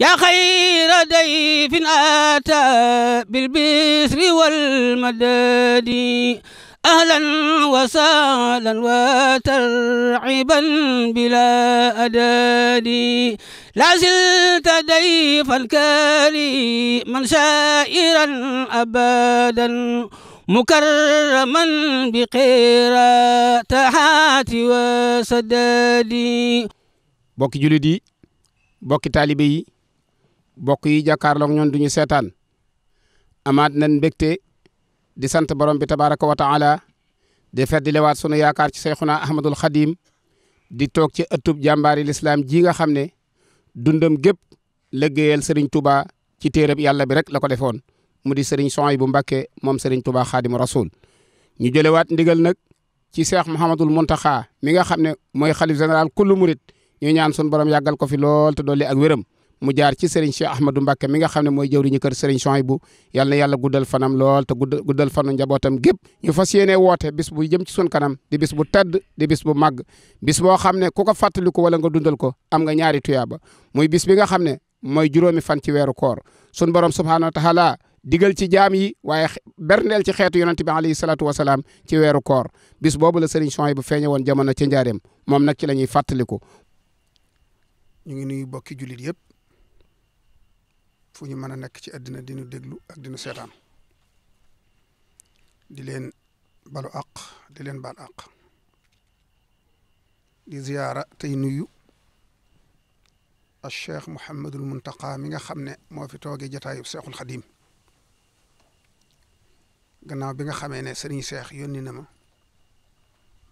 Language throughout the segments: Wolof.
يا خير ضيف أتى بالبسر والمدد أهلا وسهلا وترعبا بلا أداد لا زلت ضيفا كريما سائرا أبدا مكرما بقيرا تحات وسدادي بوكي دي بوكي طالبي bokk yi jàkkaarloog ñoon duñu seetaan amaat nañ mbégte di sant borom bi tabaraka wa taala di fet di lewaat sunu yaakaar ci Seyxuna Ahmadul Xadim di toog ci ëttub jàmbaari lislaam ji nga xam ne dundam gépp liggéeyal Serigne Touba ci téereb yàlla bi rek la ko defoon mu di Serigne bu Mbacké moom Serigne Touba Xaadimu Rasul ñu jëlewaat ndigal nag ci Cheikh Mouhamadul Mountakha mi nga xam ne mooy xalif général kullu murit ñu ñaan sun borom yàggal ko fi lool te dolli ak wéram mu jaar ci Serigne Cheikh Ahmadou mbake mi nga xam ne mooy jëwriñu kër Serigne Souhaïbou yal na yàlla guddal fanam lool te guddal fanu njabootam gépp ñu fas yéene woote bis bu jëm ci sun kanam di bis bu tedd di bis bu màgg bis boo xam ne ku ko fàttaliku wala nga dundal ko am nga ñaari tuyaaba muy bis bi nga xam ne mooy juróomi fan ci weeru koor sun borom subhaanahu wa taala digal ci jaam yi waaye berndeel ci xeetu yonent bi alayhi salaatu wasalaam ci weeru koor bis boobu la Serigne Souhaïbou feeñe woon jamono ca njaareem moom nag ci la ñuy fàttaliku ñu ngi nuyu bokki jullit yëpp fuñu mëna nek ci aduna di ñu déglu ak di ñu sétan di leen balu aq di leen bal aq di ziyara tay nuyu الشيخ محمد المنتقى ميغا خامني مو في توغي جتاي الشيخ الخديم غناو بيغا خامي ني سيرني شيخ يوني نما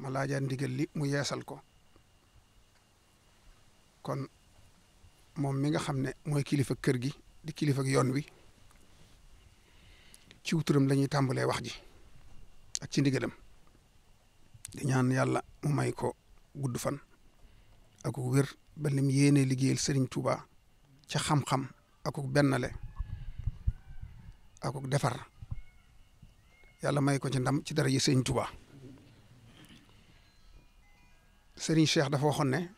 ما لا جان ديغل لي مو ياسال كو كون موم ميغا خامني موي كليفه كيرغي di kilifa ak yoon wi ci wuturam la ñuy tàmbalee wax ji ak ci ndigalam di ñaan yàlla mu may ko gudd fan ak wér ba lim yéene liggéeyal Serigne Touba ca xam-xam ak bennale ak defar yàlla may ko ci ndam ci dara yi Serigne Touba Serigne Cheikh dafa waxoon ne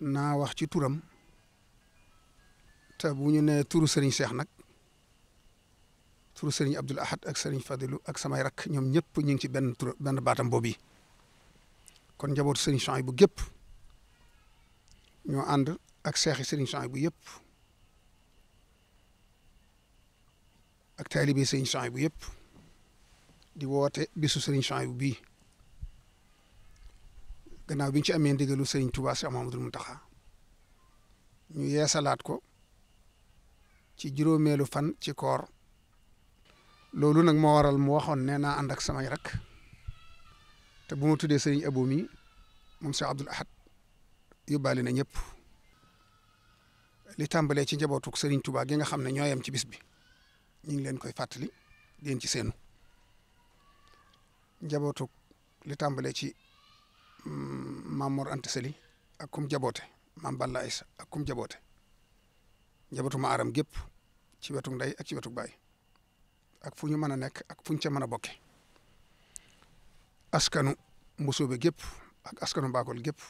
naa wax ci turam. te bu ñu nee turu Serigne Cheikh nag turu Serigne Abdoul Ahad ak Serigne Fadilou ak samay rak ñoom ñëpp ñu ngi ci benn tur benn baatam boobu yi kon njabootu Serigne Cheikh bu gépp ñoo ànd ak seex Serigne Cheikh bu yëpp ak taalibe Serigne Cheikh bu yëpp di woote bisu Serigne Cheikh bu bi gannaaw bi ñu ci amee ndigalu Serigne Touba Cheikh Mahamadul Muntaxa ñu yeesalaat ko. ci juróomeelu fan ci koor loolu nag moo waral mu waxoon nee naa ànd ak samay rakk te bu ma tuddee sëriñ abou mi moom si abdul ahad yóbbaale na ñëpp li tàmbalee ci njabootug sëriñ tubaa gi nga xam ne ñooyam ci bis bi ñu ngi leen koy fàttali deen ci seenu njabootug li tàmbalee ci mm, mamor ante sëli ak kum jaboote mam balla aysa ak kum jaboote njabootu maaram gépp ci wetu ndey ak ci wetu baay ak fu ñu mën a nekk ak fu ñu mën a bokke askanu mbusoobe gépp ak askanu mbaakol gépp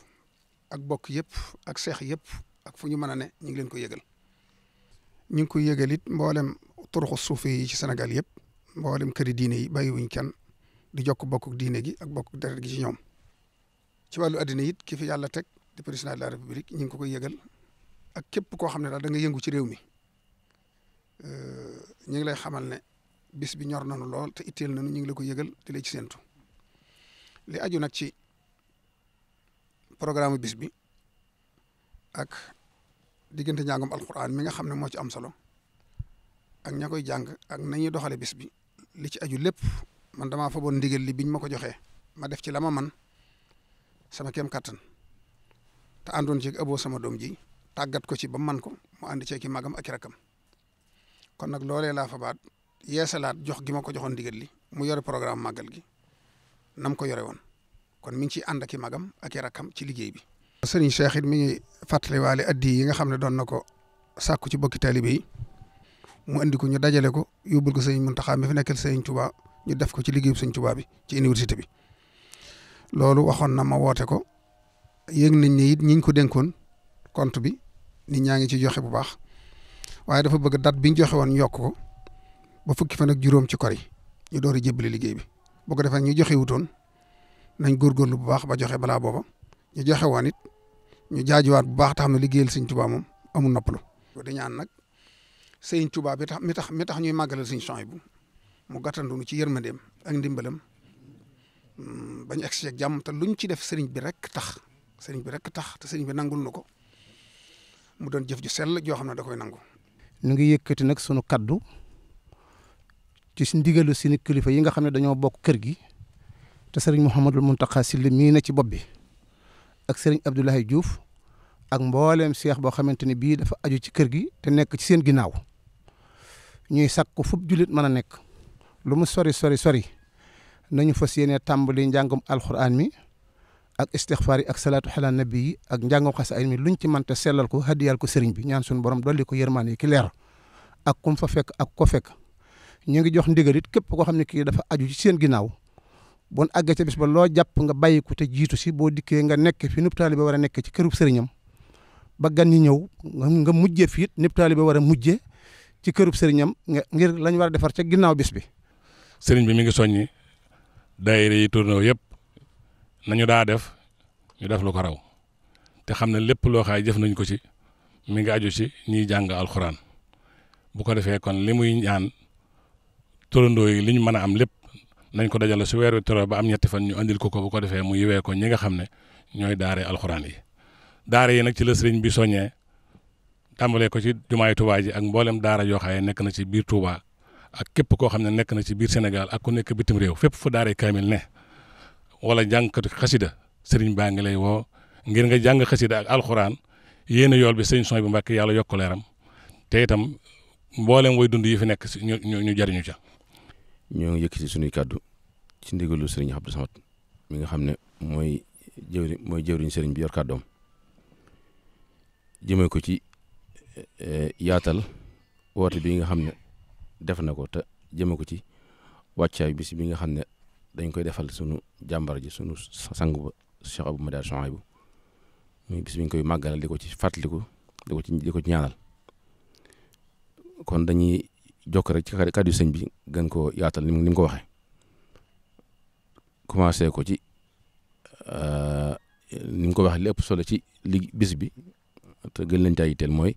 ak bokk yëpp ak seex yëpp ak fu ñu mën a ne ñu ngi leen ko yëgal ñu ngi koy yëgal it mboolem turuxu suufi ci Sénégal yëpp mboolem këri diine yi bàyyiwuñ kenn di jokk bokk diine gi ak bokk deret gi ci ñoom ci wàllu addina it ki fi yàlla teg di président de la république ñu ngi ko koy yëgal ak képp koo xam ne daal da nga yëngu ci réew mi euh, ñu ngi lay xamal ne bis bi ñor nañu lool te itteel na ñu ngi la ko yëgal te lay ci séentu li aju nag ci programme bis bi ak diggante njàngum alquran mi nga xam ne moo ci am solo ak ña koy jàng ak nañuy doxale bis bi li ci aju lépp man damaa fa bon ndigal li biñ ma ko joxe ma def ci lama man sama kem kattan te àndoon ci abo sama doom ji tàggat ko ci ba man ko mu ànd ceeg ki magam ak rek kam kon nag loole laa fa baat yeesalaat jox gi ma ko joxoon ndigal li mu yore programme màggal gi nam ko yore woon kon mi ngi ciy ànd ak i magam ak i rakam ci liggéey bi. sëriñ Cheikh it mi ngi fàttaliwaale addi yi nga xam ne doon na ko sàkku ci bokki taalibe yi mu andi ko ñu dajale ko yóbbul ko sëriñ Mountakha mi fi nekkal sëriñ Touba ñu def ko ci liggéeyu sëriñ Touba bi ci université bi loolu waxoon na ma woote ko yëg nañ ne it ñiñ ko dénkoon compte bi ni ñaa ngi ci joxe bu baax waaye dafa bëgg date bi ñu joxe woon yokk ba fukki fan ak juróom ci kor ñu door a liggéey bi bu ko defee ñu joxe wutoon nañ góorgóorlu bu baax ba joxe balaa booba ñu joxe woon it ñu jaajuwaat bu baax tax na ne liggéeyal sëñ Tuubaa moom amul noppalu. di ñaan nag sëñ Tuubaa bi tax mi tax mi tax ñuy màggalal sëñ bu mu gàttandu ci yërmandeem ak ndimbalam mm, bañ egsi ak jàmm luñ ci def sëriñ bi rek tax sëriñ bi rek tax te sëriñ bi nangul nu ko. mu doon jëf ju sell joo xam ne da koy nangu. ñu ngi yëkkati nag sunu kaddu ci si ndigalu sunu kilifa yi nga xam ne dañoo bokk kër gi te sëriñ Mouhamadul Mountakha Sylla mii na ci bopp bi ak sëriñ Abdoulaye juuf ak mbooleem seex boo xamante ne bii dafa aju ci kër gi te nekk ci seen ginnaaw ñuy sakku fub jullit mën a nekk lu mu sori sori sori nañu fas yéene tàmbali njàngum alxuraan mi. ak istighfar ak salatu xala nabi ak njàngoo khas ay mi luñ ci te selal ko hadiyal ko serigne bi ñaan suñu borom doli ko yermane ki leer ak kum fa fek ak ko fek ñi ngi jox ndigalit kep ko xamni ki dafa aju ci seen ginaaw bon agge ci bis ba lo japp nga bayiku te jiitu si bo dikke nga nek fi nub taalibe wara nek ci kërub sëriñam ba gan ni ñew nga mujje fi it nub wara mujjé ci kërub sëriñam ngir lañ wara defar ci ginaaw bis bi serigne bi mi ngi soñi daayira yi tourno nañu daa def ñu def lu ko raw te xam ne lépp loo xaay jëf nañ ko ci mi ngi aju ci ñiy jàng alxuraan bu ko defee kon li muy ñaan torondoo yi li ñu mën a am lépp nañ ko dajale su weer wi toro ba am ñetti fan ñu indil ko ko bu ko defee mu yiwee ko ñi nga xam ne ñooy daare alxuraan yi daare yi nag ci la sëriñ bi soññee tàmbalee ko ci jumaay Tuubaa ji ak mboolem daara yoo xaye nekk na ci biir Tuubaa ak képp koo xam ne nekk na ci biir Sénégal ak ku nekk bitim réew fépp fu daare kaamil wala jàngkatu xasida sëriñ baa ngi lay woo ngir nga jàng xasida ak alxuraan yéen yool bi sëriñ son bi mbàkk yàlla yokk leeram te itam mboolem way dund yi fi nekk si ñu ñu jariñu ca. ñoo ngi yëkkati suñuy kàddu ci ndigalu sëriñ Abdou Samad mi nga xam ne mooy jëwri mooy jëwriñ sëriñ bi yor kàddoom jëmee ko ci e, yaatal woote bi nga xam ne def na ko te jëme ko ci wàccaay bisi bi nga xam ne dañ koy defal sunu jàmbar ji sunu sang ba Cheikh Abou Madar Chouaïbou muy bis bi ñu koy màggalal di ko ci fàttaliku di ko ci di ko ñaanal kon dañuy jokk rek ci kàddu sëñ bi gën koo yaatal ni mu ko waxee commencé ko ci euh, ni mu ko waxee lépp solo ci li bis bi te gën leen caa yitteel mooy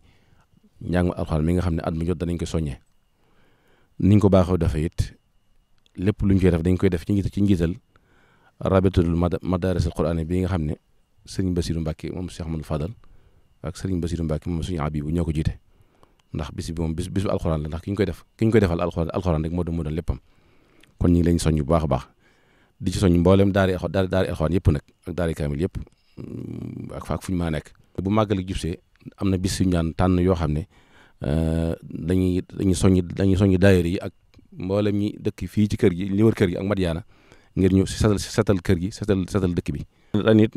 njàng alxuraan mi nga xam ne at mi jot danañ ko soññee niñ ko baaxoo defe it lépp luñ ñu koy def dañ koy def ci ngi ci njiital rabitul madaris alquran bi nga xamne serigne sëriñ Basiru mom Cheikh Amadou Fadal ak serigne Basiru Mbàkke mom suñu habibu ñoko jité ndax bis bi mom bis bisu alquran la ndax kiñ koy def kiñ koy defal alquran alquran rek mo do mo do léppam kon ñi lañ leen soññ bu baax baax di ci soññ mboolem daari xol daari daari alxuraan yëpp nak ak daari kamil yëpp ak fa ak fu ñu maa bu magal jubsee am amna bis yu ñaan tan yo xamne ne dañuy dañuy soññ dañuy soññ daayir yi ak mboolem ñi dëkk fii ci kër gi li wër kër gi ak Madiyana ngir ñu setal setal kër gi setal setal dëkk bi. ren it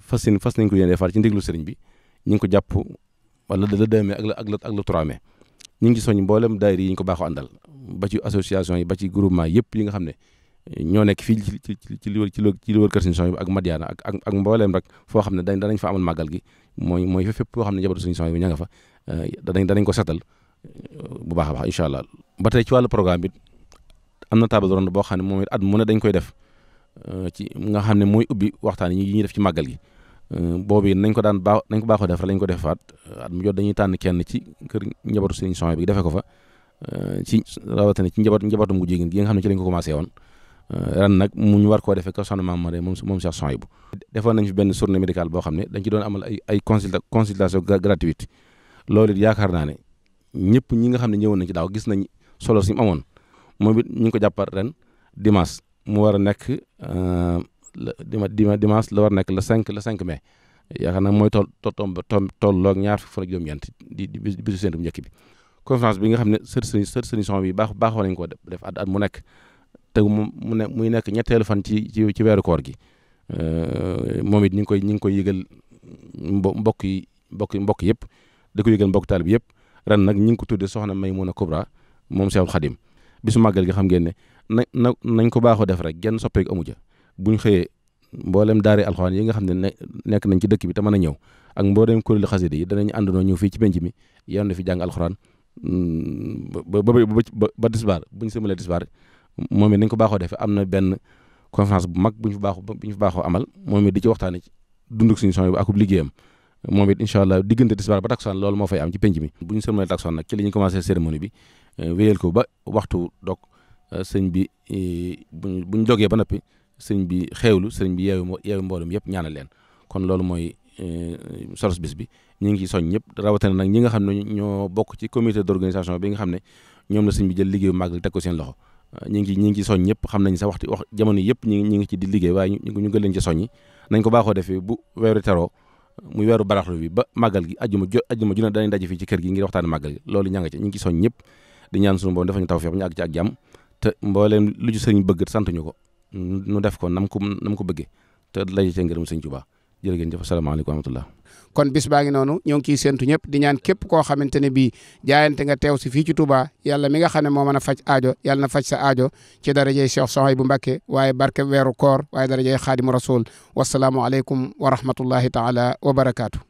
fas yéen fas nañ ko yéen defar ci ndiglu sëriñ bi ñu ngi ko jàpp wala le deux mai ak le ak trois mai ñu ngi ci mbooleem mboolem daayira yi ñu ko baaxoo àndal ba ci yi ba ci groupement yëpp yi nga xam ne ñoo nekk fii ci ci ci li wër ci li wër kër Sëriñ Suhaybu ak Madiyana ak ak mbooleem rek foo xam ne dañ danañ fa amal màggal gi mooy mooy fépp foo xam ne njabootu Sëriñ Suhaybu ña nga fa eh, danañ danañ ko setal eh, bu baax a baax incha ba tey ci wàllu programme bi am na table boo xam ne moom it at mu ne dañ koy def euh, ci nga xam ne mooy ubbi waxtaan yi ñuy def ci màggal gi euh, boobu nañ ko daan baax nañ ko baaxoo def rek lañ ko defaat at mu jot dañuy tànn kenn ci kër njabootu Sëriñ Son bi defee ko fa euh, ci rawatina ci njaboot njabootum gu jigéen gi nga xam ne ci lañ ko woon ren nag koo defee ko soxna moom moom Cheikh Son bu boo xam ne dañ ci doon amal ay ay consulta consultation gratuite loolu yaakaar naa ne ñëpp ñi nga xam ne ñëwoon nañ ci daaw gis nañ solo sim amon, amoon moom it ñu ko jappar ren dimanche mu war nek euh dima dimanche la war nek le 5 le 5 mai yaakaar naa mooy tool to tolloog ñaar fukk fan ak juróom di di bisu seen bu njëkk bi. conférence bi nga xam ne sër sëriñ son bi bax bax nañ ko def at at mu nek te mu nek muy nek ñetteelu fan ci ci wéru koor gi euh momit ñing koy ñing koy yegal mbokk yi mbokk mbokk yépp da ko yegal mbokk talib yépp ran nak ñing ko tuddé soxna Maymuna Kubra moom Seexul Xadim bisu màggal ga xam ngeen ne na na nañ ko baaxoo def rek genn soppeeku amu ja buñ xëyee mboolem daare alxuraan yi nga xam ne ne nekk nañ ci dëkk bi te a ñëw ak mboolem kuréelu xasida yi danañ àndandoo ñëw fii ci penc mi yéen fi jàng alxuraan mm, ba ba ba ba tisbaar buñ sëmalee tisbaar moom it nañ ko baaxoo defee am na benn conférence bu mag bu ñu baaxo baaxoo amal moom it di ci waxtaanee ci dunduk suñu son bi akub liggéeyam moom it diggante tisbaar moo fay am ci penc mi bu ñu sëmalee taksaan nag ci la bi Eh, wéyal ko ba waxtu dog eh, sëñ bi eh, buñ buñ dogee ba noppi sëñ bi xeewlu sëñ bi yeewu yeewu mboolem yëpp leen kon loolu mooy solos bis bi ñu ngi soñ ñëpp rawatina nag ñi nga xam ne ñoo bokk ci bi nga xam ne ñoom la sëñ bi jël liggéeyu màgg li teg ko ñu ngi ñu ngi ci soñ ñëpp xam nañ sa waxtu wax jamono yëpp ñu ngi ñu ngi ci di liggéey waaye ñu ñu gën leen ci soññi nañ ko baaxoo defee bu weeru teroo muy weeru baraxlu bi ba màggal gi ajjuma jo ajjuma ju ne dañuy daje fii ci kër gi ngir waxtaan màggal gi loolu ña nga ci ngi ci soñ ñëpp di ñaan suñu mboo defal ñu tawfeex bu ñu àgg ci ak jàmm te mbooleem lu ci sëriñ bëgg sant ñu ko nu def ko nam ko nam ko bëggee te lañu cee ngërëm sëñ Tuubaa jërë ngeen jëf asalaamaaleykum wa rahmatullah kon bis baa ngi noonu ñoo ngi ciy séntu ñëpp di ñaan képp koo xamante ne bii jaayante nga teew si fii ci Touba yàlla mi nga xam ne moo mën a faj aajo yàlla na faj sa aajo ci darajey Cheikh Sohaybou Mbacké waaye barke weeru koor waaye darajey Xaadimu Rasul wasalaamualeykum wa rahmatullahi taala wa barakaatu